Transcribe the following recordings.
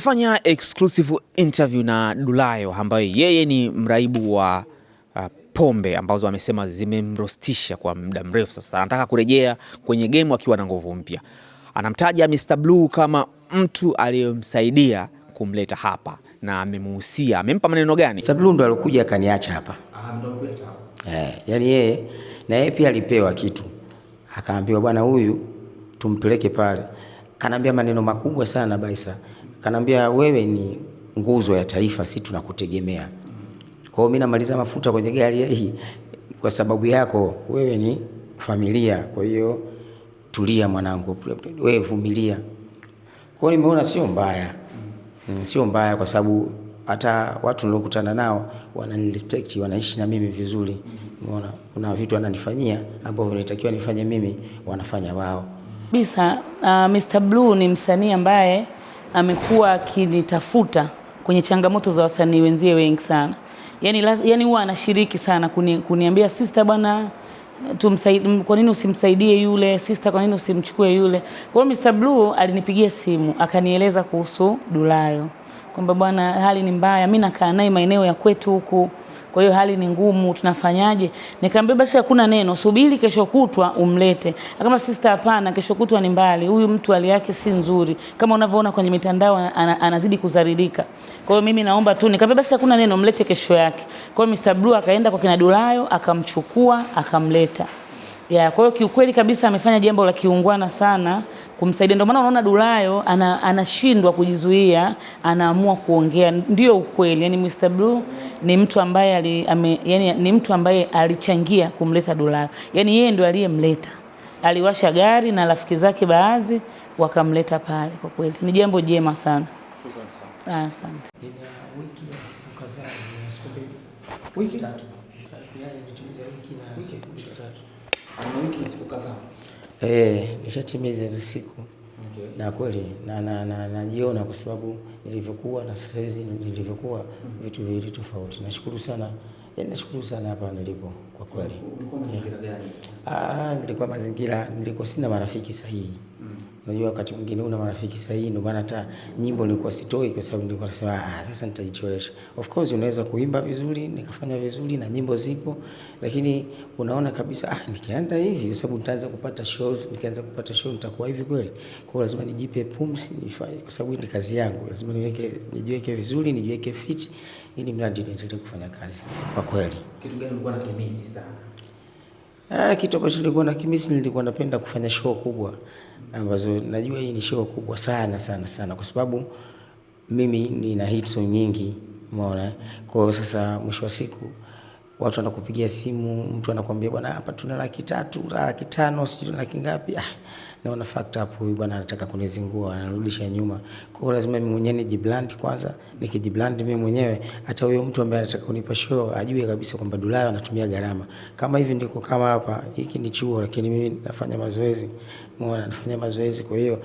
Fanya exclusive interview na Dulayo ambaye yeye ni mraibu wa uh, pombe ambazo amesema zimemrostisha kwa muda mrefu sasa. Anataka kurejea kwenye game akiwa na nguvu mpya. Anamtaja Mr Blue kama mtu aliyemsaidia kumleta hapa na amemuhusia. Amempa maneno gani? Mr Blue ndo alikuja akaniacha hapa. Ah, eh, yani na yeye pia alipewa kitu akaambiwa, bwana huyu tumpeleke pale. Kanaambia maneno makubwa sana Baisa Kanaambia wewe ni nguzo ya taifa, si tunakutegemea. Kwa hiyo mimi namaliza mafuta kwenye gari hii kwa sababu yako, wewe ni familia. Kwa hiyo tulia mwanangu, wewe vumilia. Kwa hiyo nimeona sio mbaya, mm, sio mbaya kwa sababu hata watu nilokutana nao wananirespect, wanaishi na mimi vizuri. Unaona, kuna vitu ananifanyia ambavyo nilitakiwa nifanye mimi, wanafanya wao kabisa. Uh, ah, Mr. Blue ni msanii ambaye amekuwa akinitafuta kwenye changamoto za wasanii wenzie wengi sana yani yaani huwa yani anashiriki sana kuni, kuniambia sister, bwana tumsaidie, kwa nini usimsaidie yule sister, kwa nini usimchukue yule. Kwa hiyo Mr. Blue alinipigia simu akanieleza kuhusu Dulayo kwamba bwana, hali ni mbaya, mimi nakaa naye maeneo ya kwetu huku kwa hiyo hali ni ngumu, tunafanyaje? Nikamwambia basi hakuna neno, subiri kesho kutwa umlete. Akamwambia sister, hapana, kesho kutwa ni mbali, huyu mtu hali yake si nzuri, kama unavyoona kwenye mitandao anazidi kuzaririka. Kwa hiyo mimi naomba tu, nikamwambia basi hakuna neno, mlete kesho yake. Kwa hiyo Mr Blue akaenda kwa kina Dulayo akamchukua akamleta. Ya, kwa hiyo kiukweli kabisa amefanya jambo la kiungwana sana kumsaidia. Ndio maana unaona Dulayo anashindwa ana kujizuia, anaamua kuongea. Ndio ukweli, yani Mr Blue ni mtu ambaye ali, ame, yani, ni mtu ambaye alichangia kumleta Dulayo, yani yeye ndio aliyemleta, aliwasha gari na rafiki zake baadhi wakamleta pale. Kwa kweli ni jambo jema sana. Ah, asante. Yaani wiki na siku kadhaa. Eh, nishatimiza hizo siku okay. Na kweli najiona na, na, na, kwa sababu nilivyokuwa na sasa hivi nilivyokuwa mm Vitu viwili tofauti. Nashukuru sana eh, nashukuru sana hapa nilipo kwa kweli. Ulikuwa mazingira gani? Ah, nilikuwa mazingira nilikuwa sina marafiki sahihi Unajua wakati mwingine una marafiki sahihi, ndio maana hata nyimbo nilikuwa sitoi kwa sababu nilikuwa nasema ah, sasa nitajitolesha. Of course unaweza kuimba vizuri, nikafanya vizuri na nyimbo zipo, lakini unaona kabisa ah, nikianza hivi kwa sababu nitaanza kupata shows, nikianza kupata show nitakuwa hivi kweli. Kwa hiyo lazima nijipe pumzi nifanye kwa sababu ni kazi yangu. Lazima niweke nijiweke vizuri, nijiweke fit ili mradi niendelee kufanya kazi. Kwa kweli. Kitu gani ulikuwa unakihisi sana? Ah, kitu ambacho nilikuwa kimisi, nilikuwa napenda kufanya show kubwa ambazo najua hii ni show kubwa sana sana sana, kwa sababu mimi nina hit song nyingi, umeona. Kwa hiyo sasa mwisho wa siku watu wanakupigia simu, mtu anakuambia bwana, hapa tuna laki tatu, laki tano, sijui tuna laki ngapi. Ah, naona fact up, huyu bwana anataka kunizingua, anarudisha nyuma. Kwa hiyo lazima mimi mwenyewe nijibrand kwanza, nikijibrand mimi mwenyewe, hata huyo mtu ambaye anataka kunipa show ajue kabisa kwamba Dullayo anatumia gharama. Kama hivi ndiko kama hapa, hiki ni chuo, lakini mimi nafanya mazoezi, muona nafanya mazoezi. Kwa hiyo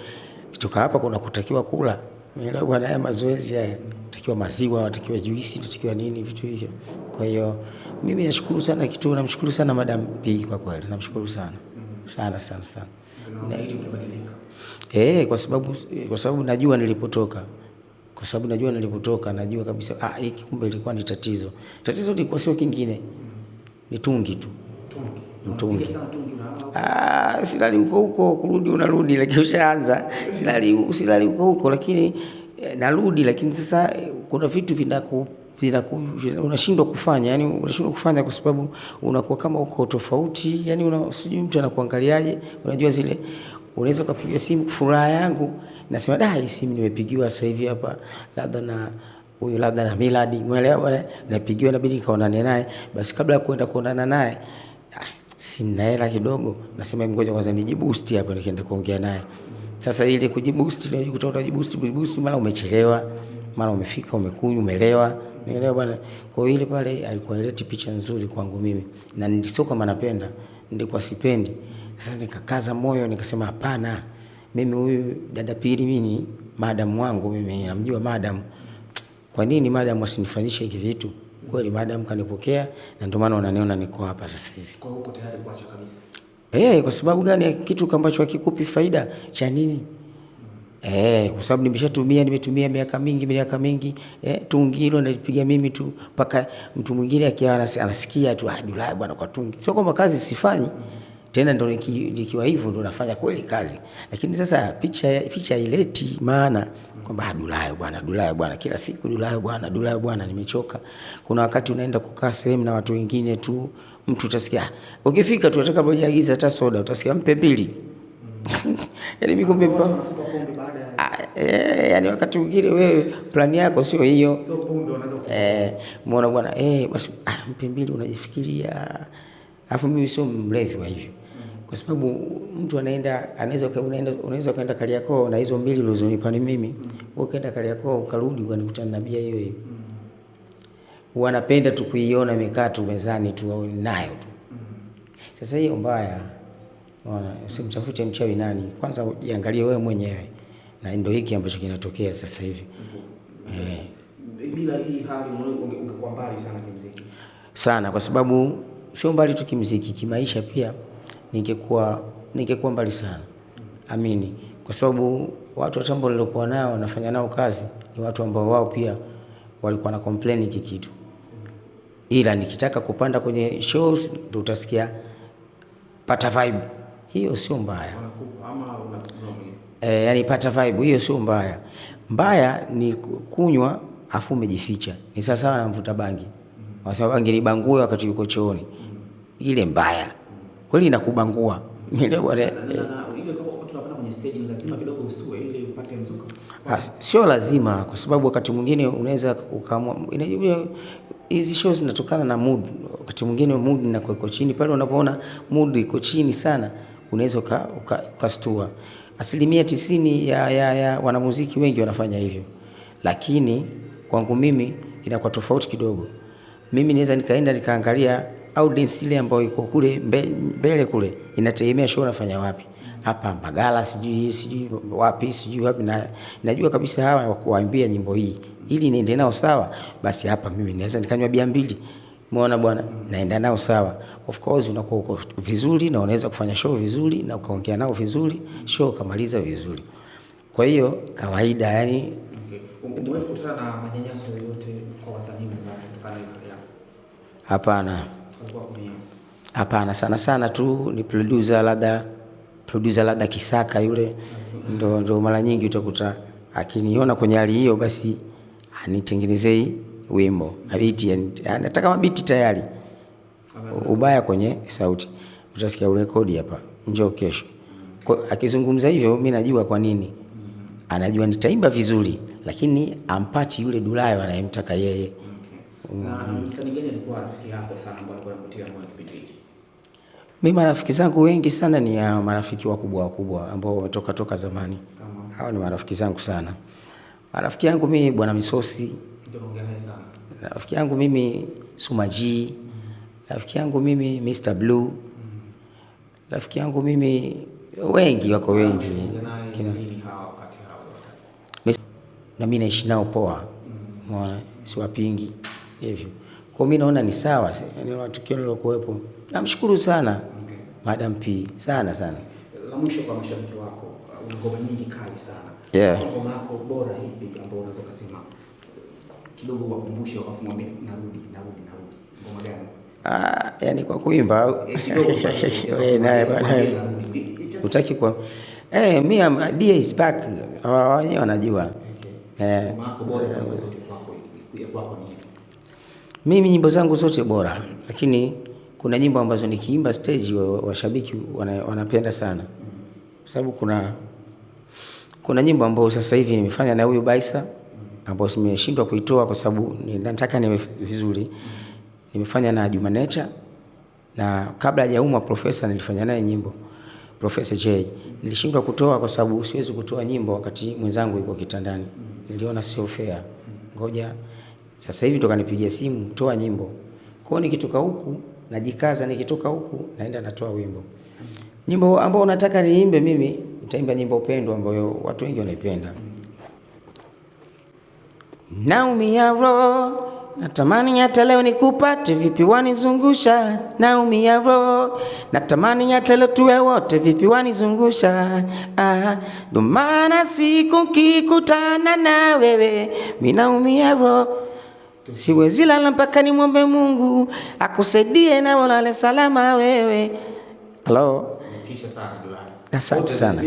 kutoka hapa kuna kutakiwa kula Umeelewa bwana, haya mazoezi haya takiwa maziwa, tukiwa juisi, tukiwa nini vitu hivyo. Kwa hiyo mimi nashukuru sana kituo, namshukuru sana Madam P kwa kweli, namshukuru sana mm-hmm. sana sana sana eh, kwa sababu kwa sababu najua nilipotoka kwa sababu najua nilipotoka, najua kabisa ah, hiki kumbe ilikuwa ni tatizo. Tatizo lilikuwa sio kingine, mm-hmm. ni tungi tu, mtungi ah, silali huko huko, kurudi unarudi, lakini ushaanza silali, usilali huko huko, lakini eh, narudi, lakini sasa eh, kuna vitu vinaku unashindwa kufanya, yani unashindwa kufanya kwa sababu unakuwa kama uko tofauti, yani una sijui mtu anakuangaliaje, unajua zile unaweza kupiga simu, furaha yangu nasema da, hii simu nimepigiwa sasa hivi hapa, labda na huyu labda na Miladi, umeelewa, napigiwa inabidi kaonane naye, basi kabla ya kwenda kuonana naye sina hela kidogo, nasema ngoja kwanza nijibusti hapa, nikaenda kuongea naye. Sasa ile kujibusti, ndio kutoa kujibusti, kujibusti, mara umechelewa, mara umefika, umekunywa, umelewa, nielewa bwana. Kwa hiyo ile pale alikuwa ile picha nzuri kwangu mimi, na nilisio kama napenda, nilikuwa sipendi. Sasa nikakaza moyo, nikasema hapana, mimi huyu dada Pili, mimi madam wangu, mimi namjua madam, kwa nini madam asinifanyishe hivi vitu? kweli, maadamu kanipokea, na ndio maana unaniona niko hapa sasa hivi. Kwa hiyo uko tayari kuacha kabisa? Eh, kwa sababu gani? Kitu ambacho hakikupi faida cha nini? Mm. Eh, kwa sababu nimeshatumia, nimetumia miaka mingi, miaka mingi. Eh, tungi hilo nalipiga mimi tu mpaka mtu mwingine akiwa anasikia tu, ah, Dulla bwana kwa tungi. Sio kwamba kazi sifanyi. Mm tena ndo nikiwa hivyo ndo nafanya kweli kazi, lakini sasa picha picha ileti maana kwamba ah, dulayo bwana, dulayo bwana, kila siku dulayo bwana, dulayo bwana, nimechoka. Kuna wakati unaenda kukaa sehemu na watu wengine tu, mtu utasikia ah, ukifika tu unataka moja agiza hata soda, utasikia mpe mbili. Yaani mimi kumbe mpa ah, Eh, yani wakati mwingine wewe plani yako sio hiyo. eh, muona bwana eh, basi mpe mbili unajifikiria. afu mimi sio mlevi wa hivyo kwa sababu mtu anaenda anaweza unaenda unaweza kwenda Kariakoo na hizo mbili ulizonipa ni mimi mm. wewe ukaenda Kariakoo ukarudi ukanikutana na bia hiyo hiyo mm. wanapenda tu kuiona imekaa tu mezani tu nayo tu mm. sasa hiyo mbaya Unaona, usimtafute mchawi nani, kwanza jiangalie wewe mwenyewe, na ndio hiki ambacho kinatokea sasa hivi eh. Bila hii hali ungekuwa mbali sana kimziki sana, kwa sababu sio mbali tu kimziki, kimaisha pia ningekuwa ningekuwa mbali sana, amini, kwa sababu watu wa Tambo niliokuwa nao nafanya nao kazi ni watu ambao wao pia walikuwa na complain hiki kitu, ila nikitaka kupanda kwenye shows ndio utasikia pata vibe hiyo, sio mbaya e, yani pata vibe hiyo sio mbaya. Mbaya ni kunywa afu umejificha, ni sawasawa na mvuta bangi, mm. sababu bangi libangue wakati yuko chooni, mm. ile mbaya kweli inakubangua eh. ah, sio lazima, kwa sababu wakati mwingine unaweza ukaamua. hizi show zinatokana na mood. Wakati mwingine mood na chini, pale unapoona mood iko chini sana, unaweza ukastua. Asilimia tisini ya, ya, ya wanamuziki wengi wanafanya hivyo, lakini kwangu mimi inakuwa tofauti kidogo. Mimi naweza nikaenda nikaangalia audience ile ambayo iko kule mbele kule inategemea show nafanya wapi, hapa Mbagala sijui sijui wapi sijui wapi, na najua kabisa hawa wakuambia nyimbo hii ili niende nao sawa, basi hapa mimi naweza nikanywa bia mbili Umeona bwana, naenda nao sawa. Of course unakuwa uko vizuri na unaweza kufanya show vizuri na ukaongea nao vizuri, show kamaliza vizuri. Kwa hiyo kawaida yani, Umekutana na manyanyaso yote kwa wasanii wenzako hapana. Hapana, sana sana tu ni producer, labda producer, labda Kisaka yule ndo, ndo mara nyingi utakuta akiniona kwenye hali hiyo, basi anitengenezei wimbo na anataka kama tayari, ubaya kwenye sauti, utasikia urekodi hapa, njoo kesho. Kwa akizungumza hivyo, mimi najua kwa nini, anajua nitaimba vizuri, lakini ampati yule Dulayo anayemtaka yeye. Mm-hmm. Mi marafiki zangu wengi sana ni ya ah, marafiki wakubwa wakubwa ambao wametoka toka zamani. Hawa ni marafiki zangu sana. Marafiki yangu mimi Bwana Misosi. Rafiki yangu mimi Sumaji. Mm-hmm. Rafiki yangu mimi Mr Blue. Mm-hmm. Rafiki yangu mimi wengi wako ah, wengi. Na mimi naishi nao poa. Umeona? Siwapingi hivyo. Kwa mimi naona ni sawa, yaani tukio lilokuwepo. Namshukuru sana okay. Madam P sana sana. La mwisho kwa mashabiki wako, uh, una ngoma nyingi kali sana. Yeah. Ngoma yako bora hivi ambayo unaweza kusema kidogo wakumbushe wakati mwambie narudi narudi narudi. Ngoma gani? Ah, yani kwa kuimba eh, wewe eh, Utaki kwa eh, mimi am dia is back. Wao wanajua. Eh. Mimi nyimbo zangu zote bora, lakini kuna nyimbo ambazo nikiimba stage washabiki wa wanapenda sana kwa sababu kuna, kuna nyimbo ambayo sasa hivi nimefanya na huyu Baisa ambayo simeshindwa kuitoa kwa sababu nataka niwe vizuri. Nimefanya na Juma Nature na kabla hajaumwa Profesa nilifanya naye nyimbo Profesa J. Nilishindwa kutoa kwa sababu siwezi kutoa nyimbo wakati mwenzangu yuko kitandani. Niliona sio fair. Ngoja sasa hivi toka nipigia simu, toa nyimbo. Kwa nikitoka huku najikaza, nikitoka huku naenda natoa wimbo. Nyimbo ambao unataka niimbe mimi, nitaimba nyimbo upendo ambayo watu wengi wanaipenda. Naumia roho, natamani hata leo nikupate, vipi wanizungusha. Naumia roho, natamani hata leo tuwe wote, vipi wanizungusha. Ah, ndo maana siku kikutana na wewe, mimi naumia roho Siwezi lala mpaka nimwombe Mungu akusaidie na walale salama wewe. Halo, asante sana.